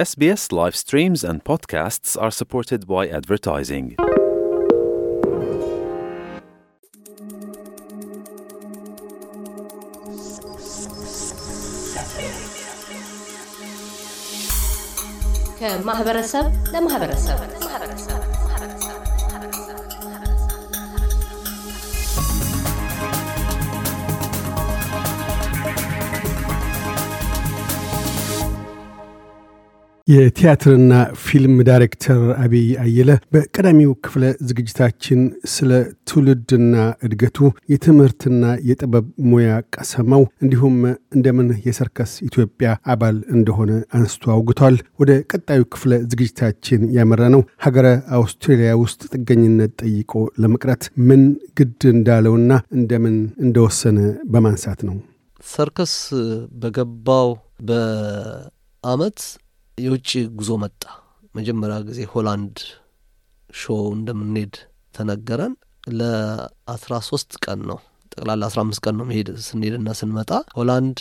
SBS live streams and podcasts are supported by advertising. ما هبرسب لا የቲያትርና ፊልም ዳይሬክተር አብይ አየለ በቀዳሚው ክፍለ ዝግጅታችን ስለ ትውልድና እድገቱ፣ የትምህርትና የጥበብ ሙያ ቀሰማው እንዲሁም እንደምን የሰርከስ ኢትዮጵያ አባል እንደሆነ አንስቶ አውግቷል። ወደ ቀጣዩ ክፍለ ዝግጅታችን ያመራ ነው ሀገረ አውስትሬሊያ ውስጥ ጥገኝነት ጠይቆ ለመቅረት ምን ግድ እንዳለውና እንደምን እንደወሰነ በማንሳት ነው። ሰርከስ በገባው በአመት የውጭ ጉዞ መጣ። መጀመሪያ ጊዜ ሆላንድ ሾው እንደምንሄድ ተነገረን። ለአስራ ሶስት ቀን ነው ጠቅላላ አስራ አምስት ቀን ነው መሄድ ስንሄድና ስንመጣ ሆላንድ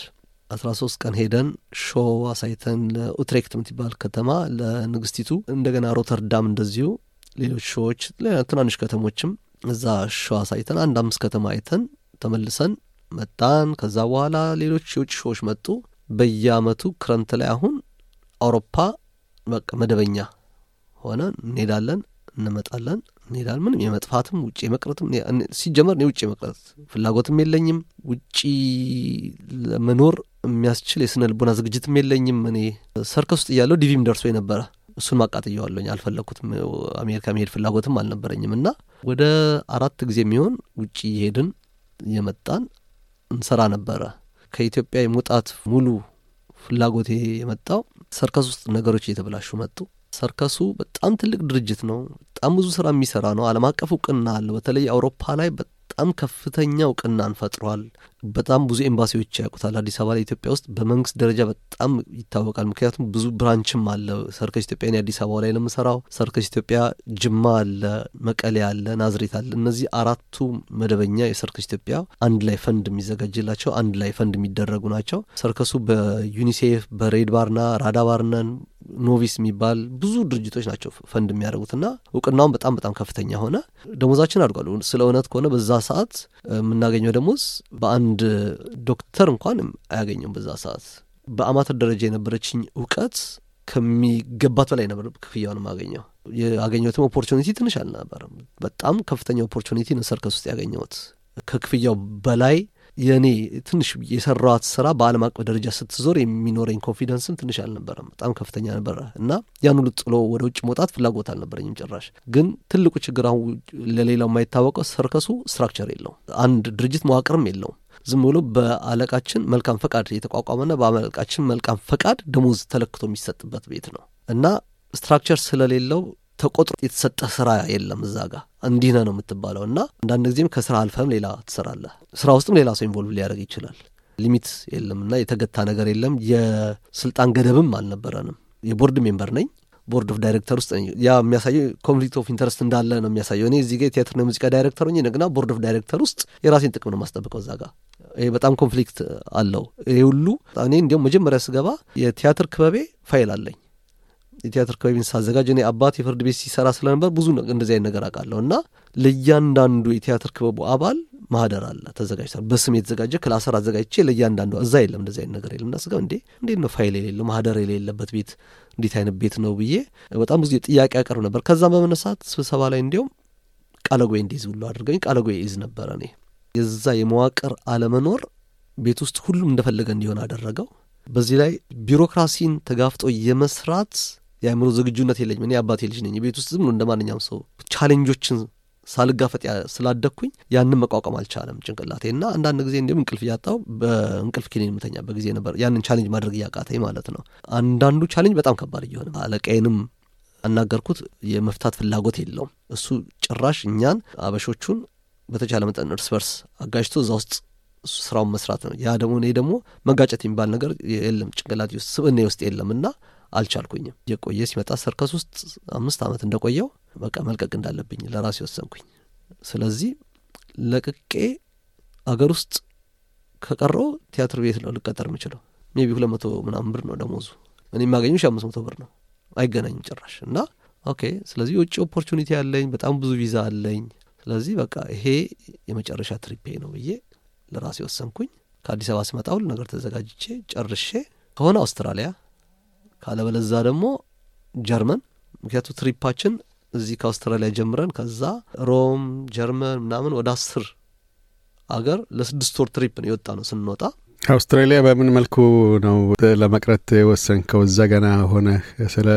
አስራ ሶስት ቀን ሄደን ሾው አሳይተን ለኡትሬክት የምትባል ከተማ ለንግስቲቱ፣ እንደገና ሮተርዳም እንደዚሁ ሌሎች ሾዎች ትናንሽ ከተሞችም እዛ ሾው አሳይተን አንድ አምስት ከተማ አይተን ተመልሰን መጣን። ከዛ በኋላ ሌሎች የውጭ ሾዎች መጡ። በየአመቱ ክረምት ላይ አሁን አውሮፓ በቃ መደበኛ ሆነ እንሄዳለን፣ እንመጣለን፣ እንሄዳል ምንም የመጥፋትም ውጭ የመቅረትም ሲጀመር እኔ ውጭ የመቅረት ፍላጎትም የለኝም። ውጪ ለመኖር የሚያስችል የስነ ልቦና ዝግጅትም የለኝም። እኔ ሰርከስ ውስጥ እያለው ዲቪም ደርሶ የነበረ እሱን ማቃጥየዋለኝ አልፈለግኩትም። አሜሪካ መሄድ ፍላጎትም አልነበረኝም እና ወደ አራት ጊዜ የሚሆን ውጭ ሄድን የመጣን እንሰራ ነበረ። ከኢትዮጵያ የመውጣት ሙሉ ፍላጎቴ የመጣው ሰርከስ ውስጥ ነገሮች እየተበላሹ መጡ። ሰርከሱ በጣም ትልቅ ድርጅት ነው። በጣም ብዙ ስራ የሚሰራ ነው። ዓለም አቀፍ እውቅና አለው። በተለይ አውሮፓ ላይ በጣም ከፍተኛ እውቅናን ፈጥሯል። በጣም ብዙ ኤምባሲዎች ያውቁታል። አዲስ አበባ ላይ ኢትዮጵያ ውስጥ በመንግስት ደረጃ በጣም ይታወቃል። ምክንያቱም ብዙ ብራንችም አለ። ሰርከች ኢትዮጵያ አዲስ አበባ ላይ ነው የምሰራው። ኢትዮጵያ ጅማ አለ፣ መቀሌ አለ፣ ናዝሬት አለ። እነዚህ አራቱ መደበኛ የሰርከች ኢትዮጵያ አንድ ላይ ፈንድ የሚዘጋጅላቸው አንድ ላይ ፈንድ የሚደረጉ ናቸው። ሰርከሱ በዩኒሴፍ በሬድ ባርና ራዳ ባርነን ኖቪስ የሚባል ብዙ ድርጅቶች ናቸው ፈንድ የሚያደርጉትና እውቅናውን በጣም በጣም ከፍተኛ ሆነ። ደሞዛችን አድጓል። ስለ እውነት ከሆነ በዛ ሰዓት የምናገኘው ደሞዝ በአንድ አንድ ዶክተር እንኳን አያገኘውም። በዛ ሰዓት በአማተር ደረጃ የነበረችኝ እውቀት ከሚገባት በላይ ነበር ክፍያውን ማገኘው። ያገኘትም ኦፖርቹኒቲ ትንሽ አልነበረም። በጣም ከፍተኛ ኦፖርቹኒቲ ነው ሰርከስ ውስጥ ያገኘውት ከክፍያው በላይ የእኔ ትንሽ የሰራዋት ስራ በአለም አቀፍ ደረጃ ስትዞር የሚኖረኝ ኮንፊደንስም ትንሽ አልነበረም፣ በጣም ከፍተኛ ነበረ እና ያን ሁሉ ጥሎ ወደ ውጭ መውጣት ፍላጎት አልነበረኝም ጭራሽ። ግን ትልቁ ችግር አሁን ለሌላው የማይታወቀው ሰርከሱ ስትራክቸር የለው አንድ ድርጅት መዋቅርም የለውም። ዝም ብሎ በአለቃችን መልካም ፈቃድ የተቋቋመና በአለቃችን መልካም ፈቃድ ደሞዝ ተለክቶ የሚሰጥበት ቤት ነው እና ስትራክቸር ስለሌለው ተቆጥሮ የተሰጠ ስራ የለም እዛ ጋ እንዲህ ነህ ነው የምትባለው እና አንዳንድ ጊዜም ከስራ አልፈህም ሌላ ትሰራለህ። ስራ ውስጥም ሌላ ሰው ኢንቮልቭ ሊያደርግ ይችላል። ሊሚት የለም እና የተገታ ነገር የለም። የስልጣን ገደብም አልነበረንም። የቦርድ ሜምበር ነኝ ቦርድ ኦፍ ዳይሬክተር ውስጥ ያ የሚያሳየው ኮንፍሊክት ኦፍ ኢንተረስት እንዳለ ነው የሚያሳየው። እኔ እዚህ ጋ የቲያትርና የሙዚቃ ዳይሬክተር ሆኜ ነግና ቦርድ ኦፍ ዳይሬክተር ውስጥ የራሴን ጥቅም ነው ማስጠብቀው እዛ ጋር ይሄ በጣም ኮንፍሊክት አለው። ይህ ሁሉ እኔ እንዲሁም መጀመሪያ ስገባ የቲያትር ክበቤ ፋይል አለኝ። የቲያትር ክበቤን ሳዘጋጅ እኔ አባት የፍርድ ቤት ሲሰራ ስለነበር ብዙ እንደዚህ አይነት ነገር አውቃለሁ እና ለእያንዳንዱ የቲያትር ክበቡ አባል ማህደር አለ ተዘጋጅተ በስም የተዘጋጀ ክላሰር አዘጋጅቼ ለእያንዳንዱ እዛ የለም እንደዚህ አይነት ነገር የለም። እና እንዴ እንዴት ነው ፋይል የሌለ ማህደር የሌለበት ቤት እንዴት አይነት ቤት ነው ብዬ በጣም ብዙ ጥያቄ ያቀርብ ነበር። ከዛም በመነሳት ስብሰባ ላይ እንዲሁም ቃለጎይ እንዲይዝ ብሎ አድርገኝ ቃለጎይ ይዝ ነበረ እኔ የዛ የመዋቅር አለመኖር ቤት ውስጥ ሁሉም እንደፈለገ እንዲሆን አደረገው። በዚህ ላይ ቢሮክራሲን ተጋፍጦ የመስራት የአእምሮ ዝግጁነት የለኝም። እኔ አባቴ ልጅ ነኝ። ቤት ውስጥ ዝም እንደ ማንኛውም ሰው ቻሌንጆችን ሳልጋፈጥ ስላደግኩኝ ያንን መቋቋም አልቻለም ጭንቅላቴ እና አንዳንድ ጊዜ እንዲሁም እንቅልፍ እያጣው በእንቅልፍ ኪኔ የምተኛበት ጊዜ ነበር። ያንን ቻሌንጅ ማድረግ እያቃተኝ ማለት ነው። አንዳንዱ ቻሌንጅ በጣም ከባድ እየሆነ አለቃዬንም አናገርኩት። የመፍታት ፍላጎት የለውም እሱ ጭራሽ እኛን አበሾቹን በተቻለ መጠን እርስ በርስ አጋጅቶ እዛ ውስጥ ስራውን መስራት ነው። ያ ደግሞ እኔ ደግሞ መጋጨት የሚባል ነገር የለም ጭንቅላት ውስጥ ስብእኔ ውስጥ የለም እና አልቻልኩኝም። የቆየ ሲመጣ ሰርከስ ውስጥ አምስት ዓመት እንደቆየው በቃ መልቀቅ እንዳለብኝ ለራሴ ወሰንኩኝ። ስለዚህ ለቅቄ አገር ውስጥ ከቀረው ቲያትር ቤት ነው ልቀጠር የምችለው። ሜቢ ሁለት መቶ ምናምን ብር ነው ደሞዙ። እኔ የማገኘው ሺ አምስት መቶ ብር ነው። አይገናኝም ጭራሽ እና ኦኬ። ስለዚህ የውጭ ኦፖርቹኒቲ አለኝ፣ በጣም ብዙ ቪዛ አለኝ። ስለዚህ በቃ ይሄ የመጨረሻ ትሪፔ ነው ብዬ ለራሴ ወሰንኩኝ። ከአዲስ አበባ ስመጣ ሁሉ ነገር ተዘጋጅቼ ጨርሼ ከሆነ አውስትራሊያ ካለበለዛ ደግሞ ጀርመን። ምክንያቱ ትሪፓችን እዚህ ከአውስትራሊያ ጀምረን ከዛ ሮም፣ ጀርመን ምናምን ወደ አስር አገር ለስድስት ወር ትሪፕ ነው የወጣ ነው ስንወጣ አውስትራሊያ በምን መልኩ ነው ለመቅረት የወሰንከው? እዛ ገና ሆነ ስለ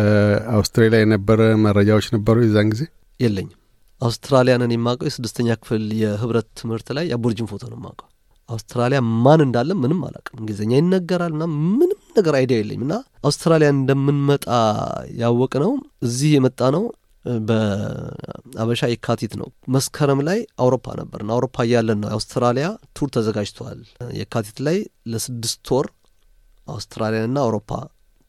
አውስትራሊያ የነበረ መረጃዎች ነበሩ የዛን ጊዜ? የለኝም አውስትራሊያንን የማውቀው የስድስተኛ ክፍል የህብረት ትምህርት ላይ የአቦርጅን ፎቶ ነው የማውቀው። አውስትራሊያ ማን እንዳለ ምንም አላውቅም። እንግሊዝኛ ይነገራል እና ምንም ነገር አይዲያ የለኝም። እና አውስትራሊያን እንደምንመጣ ያወቅ ነው እዚህ የመጣ ነው በአበሻ የካቲት ነው። መስከረም ላይ አውሮፓ ነበር እና አውሮፓ እያለን ነው የአውስትራሊያ ቱር ተዘጋጅተዋል። የካቲት ላይ ለስድስት ወር አውስትራሊያንና አውሮፓ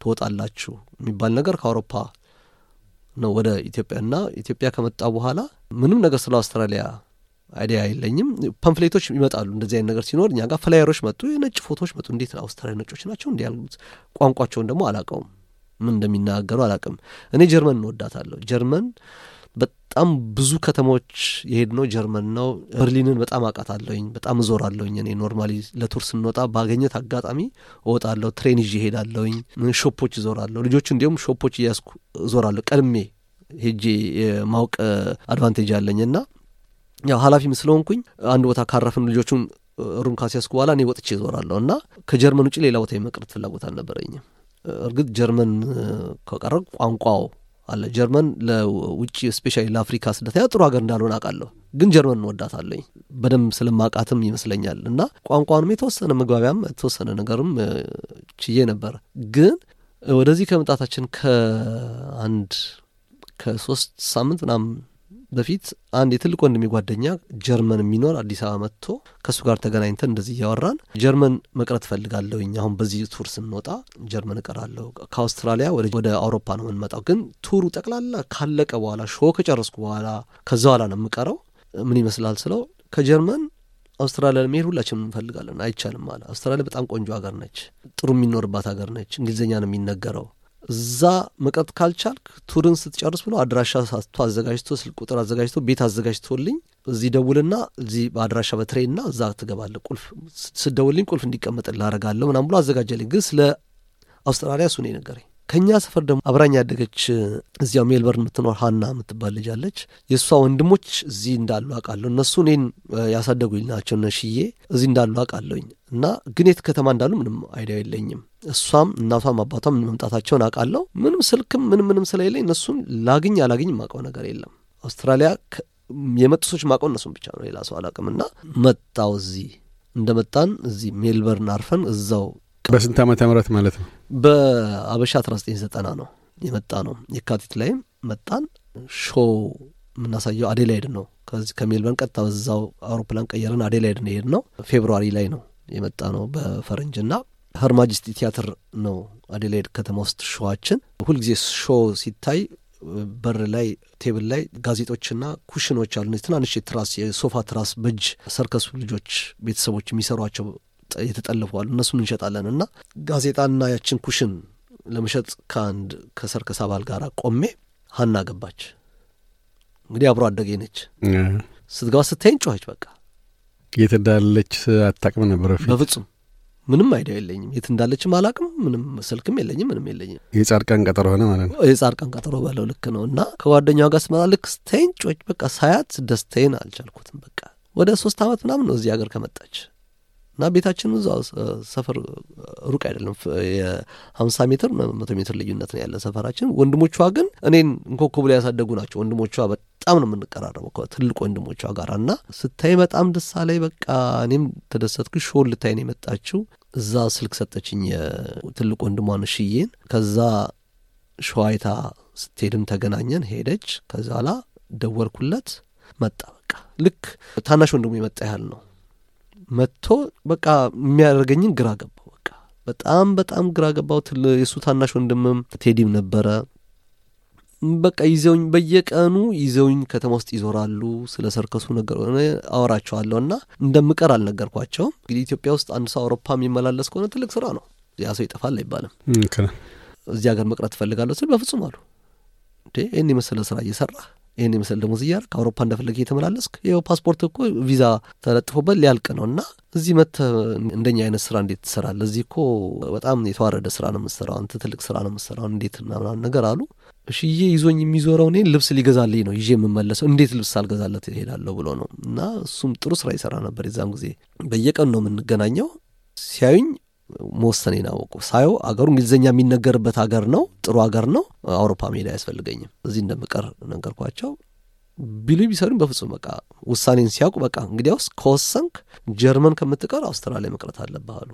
ትወጣላችሁ የሚባል ነገር ከአውሮፓ ነው ወደ ኢትዮጵያ እና ኢትዮጵያ ከመጣ በኋላ ምንም ነገር ስለ አውስትራሊያ አይዲያ የለኝም። ፓምፍሌቶች ይመጣሉ እንደዚህ አይነት ነገር ሲኖር እኛ ጋር ፍላየሮች መጡ፣ የነጭ ፎቶዎች መጡ። እንዴት አውስትራሊያ ነጮች ናቸው እንዲ ያሉት። ቋንቋቸውን ደግሞ አላቀውም፣ ምን እንደሚናገሩ አላቅም። እኔ ጀርመን እንወዳታለሁ። ጀርመን በጣም ብዙ ከተሞች የሄድ ነው ጀርመን ነው። በርሊንን በጣም አቃት አውቃታለሁኝ። በጣም እዞር እዞራለሁኝ። እኔ ኖርማሊ ለቱር ስንወጣ ባገኘት አጋጣሚ እወጣለሁ። ትሬን ይዤ እሄዳለሁኝ። ሾፖች እዞራለሁ። ልጆቹ እንዲሁም ሾፖች እያስኩ እዞራለሁ። ቀድሜ ሄጄ የማውቅ አድቫንቴጅ አለኝ እና ያው ኃላፊም ስለሆንኩኝ አንድ ቦታ ካረፍን ልጆቹን ሩም ካስያዝኩ በኋላ እኔ ወጥቼ እዞራለሁ እና ከጀርመን ውጭ ሌላ ቦታ የመቅረት ፍላጎት አልነበረኝም። እርግጥ ጀርመን ከቀረ ቋንቋው አለ። ጀርመን ለውጭ ስፔሻ ለአፍሪካ ስደተኛ ጥሩ ሀገር እንዳልሆን አውቃለሁ፣ ግን ጀርመን እንወዳታለኝ በደንብ ስለማቃትም ይመስለኛል። እና ቋንቋንም የተወሰነ መግባቢያም የተወሰነ ነገርም ችዬ ነበር። ግን ወደዚህ ከመምጣታችን ከአንድ ከሶስት ሳምንት ምናምን በፊት አንድ የትልቅ ወንድ ጓደኛ ጀርመን የሚኖር አዲስ አበባ መጥቶ ከእሱ ጋር ተገናኝተን እንደዚህ እያወራን ጀርመን መቅረት ፈልጋለሁኝ አሁን በዚህ ቱር ስንወጣ ጀርመን እቀራለሁ። ከአውስትራሊያ ወደ አውሮፓ ነው የምንመጣው፣ ግን ቱሩ ጠቅላላ ካለቀ በኋላ ሾ ከጨረስኩ በኋላ ከዛ በኋላ ነው የምቀረው። ምን ይመስላል ስለው ከጀርመን አውስትራሊያ ለመሄድ ሁላችንም እንፈልጋለን። አይቻልም አለ። አውስትራሊያ በጣም ቆንጆ ሀገር ነች። ጥሩ የሚኖርባት ሀገር ነች። እንግሊዝኛ ነው የሚነገረው እዛ መቅረት ካልቻልክ ቱርን ስትጨርስ ብሎ አድራሻ ሳቶ አዘጋጅቶ ስልክ ቁጥር አዘጋጅቶ ቤት አዘጋጅቶልኝ እዚህ ደውልና እዚህ በአድራሻ በትሬና እዛ ትገባለ ቁልፍ ስደውልኝ ቁልፍ እንዲቀመጥ ላረጋለሁ ምናም ብሎ አዘጋጀልኝ። ግን ስለ አውስትራሊያ እሱ ነው የነገረኝ። ከእኛ ሰፈር ደግሞ አብራኝ ያደገች እዚያው ሜልበርን የምትኖር ሀና የምትባል ልጅ አለች። የእሷ ወንድሞች እዚህ እንዳሉ አውቃለሁ። እነሱ እኔን ያሳደጉኝ ናቸው። ነሽዬ እዚህ እንዳሉ አውቃለሁኝ እና ግን የት ከተማ እንዳሉ ምንም አይዲያ የለኝም። እሷም እናቷም አባቷም መምጣታቸውን አውቃለሁ። ምንም ስልክም ምንም ምንም ስለሌለኝ እነሱን ላግኝ አላግኝ ማውቀው ነገር የለም። አውስትራሊያ የመጡ ሰዎች ማውቀው እነሱን ብቻ ነው፣ ሌላ ሰው አላውቅም። እና መጣው እዚህ እንደመጣን እዚህ ሜልበርን አርፈን እዛው በስንት ዓመተ ምህረት ማለት ነው? በአበሻ 1990 ነው የመጣ ነው። የካቲት ላይም መጣን። ሾው የምናሳየው አዴላይድ ነው። ከዚህ ከሜልበርን ቀጥታ በዛው አውሮፕላን ቀየረን አዴላይድ ነው የሄድ ነው። ፌብሩዋሪ ላይ ነው የመጣ ነው በፈረንጅና ሀር ማጅስቲ ቲያትር ነው አዴላይድ ከተማ ውስጥ ሾዋችን። ሁልጊዜ ሾ ሲታይ በር ላይ ቴብል ላይ ጋዜጦችና ኩሽኖች አሉ። ትናንሽ ትራስ የሶፋ ትራስ በእጅ ሰርከሱ ልጆች ቤተሰቦች የሚሰሯቸው የተጠልፈዋል እነሱን እንሸጣለን እና ጋዜጣና ያችን ኩሽን ለመሸጥ ከአንድ ከሰርከስ አባል ጋር ቆሜ ሀና ገባች እንግዲህ አብሮ አደጌ ነች ስትገባ ስታይን ጮኸች በቃ የት እንዳለች አታቅም ነበረ በፍጹም ምንም አይዲያ የለኝም የት እንዳለችም አላቅም ምንም ስልክም የለኝም ምንም የለኝም የጻድቃን ቀጠሮ ሆነ ማለት ነው የጻድቃን ቀጠሮ በለው ልክ ነው እና ከጓደኛዋ ጋር ስመጣ ልክ ስታይን ጮች በቃ ሳያት ደስታዬን አልቻልኩትም በቃ ወደ ሶስት አመት ምናምን ነው እዚህ ሀገር ከመጣች እና ቤታችን እዛ ሰፈር ሩቅ አይደለም፣ የሀምሳ ሜትር መቶ ሜትር ልዩነት ነው ያለ ሰፈራችን። ወንድሞቿ ግን እኔን እንኮኮ ላይ ያሳደጉ ናቸው። ወንድሞቿ በጣም ነው የምንቀራረበው ትልቅ ወንድሞቿ ጋር እና ስታይ በጣም ደሳ ላይ በቃ እኔም ተደሰትኩ። ሾን ልታይ ነው የመጣችው። እዛ ስልክ ሰጠችኝ ትልቅ ወንድሟን ሽዬን። ከዛ ሸዋይታ ስትሄድም ተገናኘን። ሄደች። ከዛላ ደወርኩለት መጣ። በቃ ልክ ታናሽ ወንድሙ የመጣ ያህል ነው መጥቶ በቃ የሚያደርገኝን ግራ ገባው። በቃ በጣም በጣም ግራ ገባው። የእሱ ታናሽ ወንድምም ቴዲም ነበረ። በቃ ይዘውኝ በየቀኑ ይዘውኝ ከተማ ውስጥ ይዞራሉ። ስለ ሰርከሱ ነገር አወራቸዋለሁ እና እንደምቀር አልነገርኳቸውም። እንግዲህ ኢትዮጵያ ውስጥ አንድ ሰው አውሮፓ የሚመላለስ ከሆነ ትልቅ ስራ ነው። ያ ሰው ይጠፋል አይባልም። እዚህ ሀገር መቅረት ትፈልጋለሁ ስል በፍጹም አሉ። ይህን የመሰለ ስራ እየሰራ ይህን የመሰል ደሞዝ እያደረግ ከአውሮፓ እንደፈለገ እየተመላለስክ ይኸው ፓስፖርት እኮ ቪዛ ተለጥፎበት ሊያልቅ ነው እና እዚህ መተ እንደኛ አይነት ስራ እንዴት ትሰራለ? እዚህ እኮ በጣም የተዋረደ ስራ ነው የምትሰራው፣ አንተ ትልቅ ስራ ነው የምትሰራው፣ እንዴት ምናምን ነገር አሉ። ሽዬ ይዞኝ የሚዞረው እኔ ልብስ ሊገዛልኝ ነው ይዤ የምመለሰው፣ እንዴት ልብስ አልገዛለት ይሄዳለሁ ብሎ ነው እና እሱም ጥሩ ስራ ይሰራ ነበር። የዛን ጊዜ በየቀኑ ነው የምንገናኘው። ሲያዩኝ መወሰኔን አወቁ። ሳየው አገሩ እንግሊዝኛ የሚነገርበት አገር ነው፣ ጥሩ አገር ነው። አውሮፓ መሄድ አያስፈልገኝም፣ እዚህ እንደምቀር ነገርኳቸው። ቢሉ ቢሰሩኝ በፍጹም በቃ ውሳኔን ሲያውቁ በቃ እንግዲያውስ ከወሰንክ ጀርመን ከምትቀር አውስትራሊያ መቅረት አለብህ አሉ።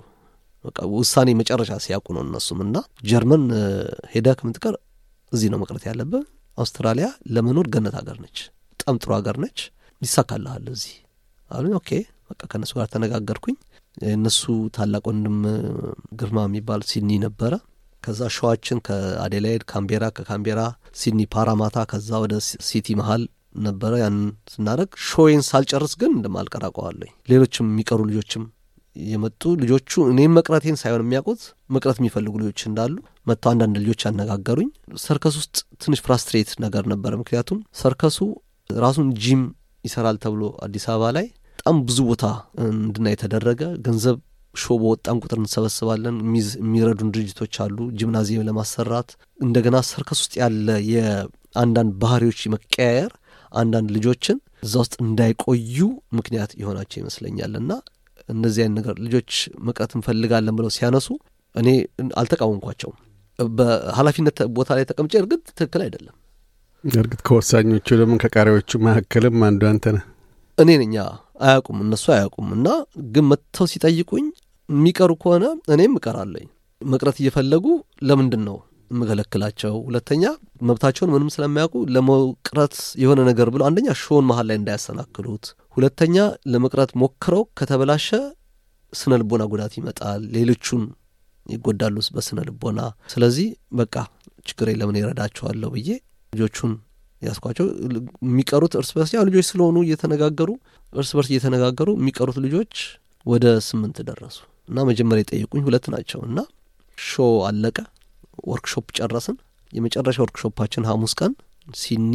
በቃ ውሳኔ መጨረሻ ሲያውቁ ነው እነሱም እና ጀርመን ሄደ ከምትቀር እዚህ ነው መቅረት ያለብህ። አውስትራሊያ ለመኖር ገነት ሀገር ነች፣ በጣም ጥሩ ሀገር ነች፣ ይሳካልሃል እዚህ አሉኝ። ኦኬ በቃ ከእነሱ ጋር ተነጋገርኩኝ። እነሱ ታላቅ ወንድም ግርማ የሚባል ሲድኒ ነበረ። ከዛ ሸዋችን ከአዴላይድ ካምቤራ፣ ከካምቤራ ሲኒ ፓራማታ፣ ከዛ ወደ ሲቲ መሀል ነበረ። ያንን ስናደርግ ሾዬን ሳልጨርስ ግን እንደማልቀር ሌሎችም የሚቀሩ ልጆችም የመጡ ልጆቹ እኔም መቅረቴን ሳይሆን የሚያውቁት መቅረት የሚፈልጉ ልጆች እንዳሉ መጥተው አንዳንድ ልጆች ያነጋገሩኝ። ሰርከስ ውስጥ ትንሽ ፍራስትሬት ነገር ነበረ። ምክንያቱም ሰርከሱ ራሱን ጂም ይሰራል ተብሎ አዲስ አበባ ላይ በጣም ብዙ ቦታ እንድናይ የተደረገ ገንዘብ ሾ በወጣን ቁጥር እንሰበስባለን። የሚረዱን ድርጅቶች አሉ፣ ጂምናዚየም ለማሰራት እንደገና ሰርከስ ውስጥ ያለ የአንዳንድ ባህሪዎች መቀያየር አንዳንድ ልጆችን እዛ ውስጥ እንዳይቆዩ ምክንያት የሆናቸው ይመስለኛል እና እነዚህ አይነት ነገር ልጆች መቅረት እንፈልጋለን ብለው ሲያነሱ እኔ አልተቃወምኳቸውም። በኃላፊነት ቦታ ላይ ተቀምጬ እርግጥ ትክክል አይደለም። እርግጥ ከወሳኞቹ ደግሞ ከቃሪዎቹ መካከልም አንዱ አንተ ነህ። እኔ ነኛ አያውቁም፣ እነሱ አያውቁም። እና ግን መጥተው ሲጠይቁኝ የሚቀሩ ከሆነ እኔም እቀራለኝ። መቅረት እየፈለጉ ለምንድን ነው የምከለክላቸው? ሁለተኛ መብታቸውን ምንም ስለሚያውቁ ለመቅረት የሆነ ነገር ብለው አንደኛ ሾን መሀል ላይ እንዳያሰናክሉት፣ ሁለተኛ ለመቅረት ሞክረው ከተበላሸ ስነ ልቦና ጉዳት ይመጣል። ሌሎቹን ይጎዳሉ በስነ ልቦና። ስለዚህ በቃ ችግሬ ለምን ይረዳቸዋለሁ ብዬ ልጆቹን ያስኳቸው የሚቀሩት እርስ በርስ ያው ልጆች ስለሆኑ እየተነጋገሩ እርስ በርስ እየተነጋገሩ የሚቀሩት ልጆች ወደ ስምንት ደረሱ እና መጀመሪያ የጠየቁኝ ሁለት ናቸው እና ሾ አለቀ። ወርክሾፕ ጨረስን። የመጨረሻ ወርክሾፓችን ሐሙስ ቀን ሲኒ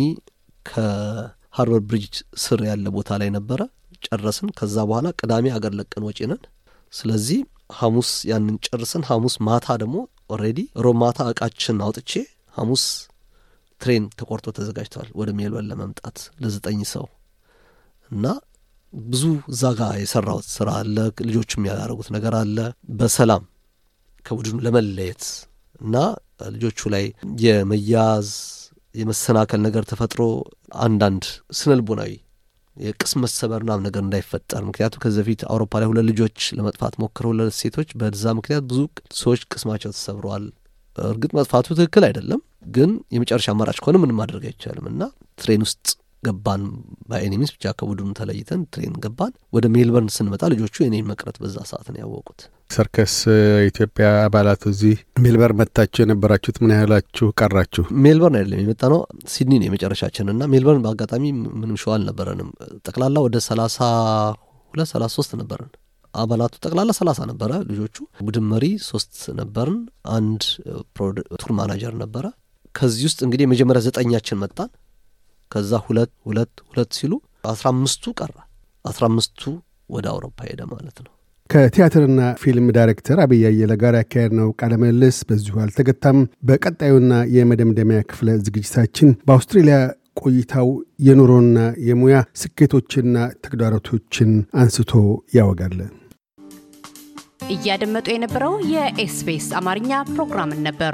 ከሃርበር ብሪጅ ስር ያለ ቦታ ላይ ነበረ። ጨረስን። ከዛ በኋላ ቅዳሜ አገር ለቀን ወጪ ነን። ስለዚህ ሐሙስ ያንን ጨርስን። ሐሙስ ማታ ደግሞ ኦሬዲ ሮብ ማታ እቃችን አውጥቼ ሐሙስ ትሬን ተቆርጦ ተዘጋጅተዋል ወደ ሜልበን ለመምጣት ለዘጠኝ ሰው እና ብዙ እዛ ጋ የሰራሁት ስራ አለ። ልጆች የሚያደረጉት ነገር አለ። በሰላም ከቡድኑ ለመለየት እና ልጆቹ ላይ የመያዝ የመሰናከል ነገር ተፈጥሮ አንዳንድ ስነልቦናዊ የቅስም መሰበር ናም ነገር እንዳይፈጠር ምክንያቱም ከዚህ በፊት አውሮፓ ላይ ሁለት ልጆች ለመጥፋት ሞክረ ሁለት ሴቶች በዛ ምክንያት ብዙ ሰዎች ቅስማቸው ተሰብረዋል። እርግጥ መጥፋቱ ትክክል አይደለም ግን የመጨረሻ አማራጭ ከሆነ ምንም ማድረግ አይቻልም እና ትሬን ውስጥ ገባን። በኤኒሚስ ብቻ ከቡድኑ ተለይተን ትሬን ገባን። ወደ ሜልበርን ስንመጣ ልጆቹ የኔን መቅረት በዛ ሰዓት ነው ያወቁት። ሰርከስ የኢትዮጵያ አባላት እዚህ ሜልበርን መጥታችሁ የነበራችሁት ምን ያህላችሁ ቀራችሁ? ሜልበርን አይደለም የመጣ ነው፣ ሲድኒ ነው የመጨረሻችን እና ሜልበርን በአጋጣሚ ምንም ሸዋ አልነበረንም። ጠቅላላ ወደ ሰላሳ ሁለት ሰላሳ ሶስት ነበርን አባላቱ ጠቅላላ ሰላሳ ነበረ። ልጆቹ ቡድን መሪ ሶስት ነበርን። አንድ ቱር ማናጀር ነበረ። ከዚህ ውስጥ እንግዲህ የመጀመሪያ ዘጠኛችን መጣን። ከዛ ሁለት ሁለት ሁለት ሲሉ አስራ አምስቱ ቀረ። አስራ አምስቱ ወደ አውሮፓ ሄደ ማለት ነው። ከቲያትርና ፊልም ዳይሬክተር አብይ አየለ ጋር ያካሄድነው ቃለ ምልልስ በዚሁ አልተገታም። በቀጣዩና የመደምደሚያ ክፍለ ዝግጅታችን በአውስትሬልያ ቆይታው የኑሮና የሙያ ስኬቶችና ተግዳሮቶችን አንስቶ ያወጋል። እያደመጡ የነበረው የኤስቢኤስ አማርኛ ፕሮግራምን ነበር።